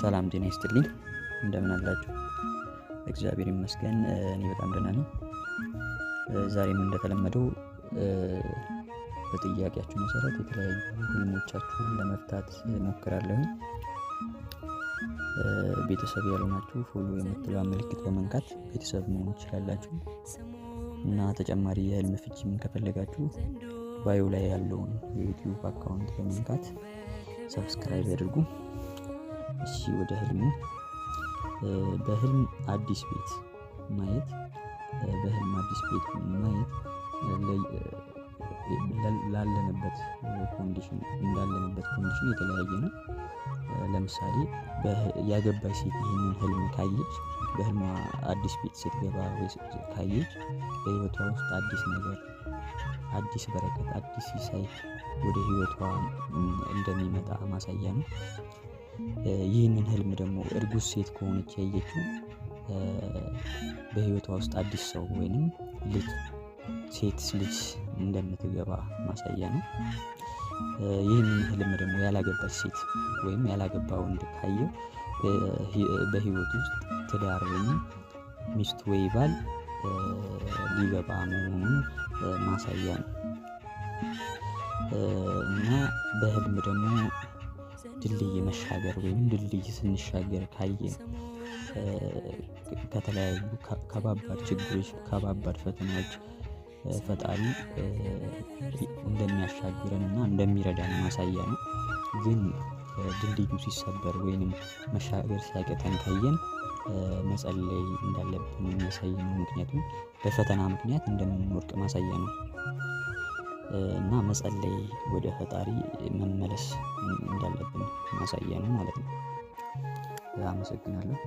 ሰላም ጤና ይስጥልኝ። እንደምን አላችሁ? እግዚአብሔር ይመስገን እኔ በጣም ደህና ነኝ። ዛሬም እንደተለመደው በጥያቄያችሁ መሰረት የተለያዩ ህልሞቻችሁን ለመፍታት ሞክራለሁ። ቤተሰብ ያልሆናችሁ ፎሎ የምትለዋ ምልክት በመንካት ቤተሰብ መሆን ትችላላችሁ እና ተጨማሪ የህልም ፍቺም ከፈለጋችሁ ባዮ ላይ ያለውን የዩቲዩብ አካውንት በመንካት ሰብስክራይብ ያድርጉ። እሺ ወደ ህልሙ። በህልም አዲስ ቤት ማየት በህልም አዲስ ቤት ማየት ላለንበት ኮንዲሽን እንዳለንበት ኮንዲሽን የተለያየ ነው። ለምሳሌ ያገባች ሴት ይህንን ህልም ካየች በህልሟ አዲስ ቤት ስትገባ ካየች በህይወቷ ውስጥ አዲስ ነገር፣ አዲስ በረከት፣ አዲስ ሲሳይ ወደ ህይወቷ እንደሚመጣ ማሳያ ነው። ይህንን ህልም ደግሞ እርጉዝ ሴት ከሆነች ያየችው በህይወቷ ውስጥ አዲስ ሰው ወይንም ልጅ ሴት ልጅ እንደምትገባ ማሳያ ነው። ይህንን ህልም ደግሞ ያላገባች ሴት ወይም ያላገባ ወንድ ካየ በህይወት ውስጥ ትዳር ወይም ሚስት ወይ ባል ሊገባ መሆኑን ማሳያ ነው እና በህልም ደግሞ ድልድይ መሻገር ወይም ድልድይ ስንሻገር ካየን ከተለያዩ ከባባድ ችግሮች ከባባድ ፈተናዎች ፈጣሪ እንደሚያሻግረን እና እንደሚረዳን ማሳያ ነው። ግን ድልድዩ ሲሰበር ወይንም መሻገር ሲያቀተን ካየን መጸለይ እንዳለብን የሚያሳይ ነው። ምክንያቱም በፈተና ምክንያት እንደምንወርቅ ማሳያ ነው። እና መጸለይ ወደ ፈጣሪ መመለስ እንዳለብን ማሳያ ነው ማለት ነው። አመሰግናለሁ።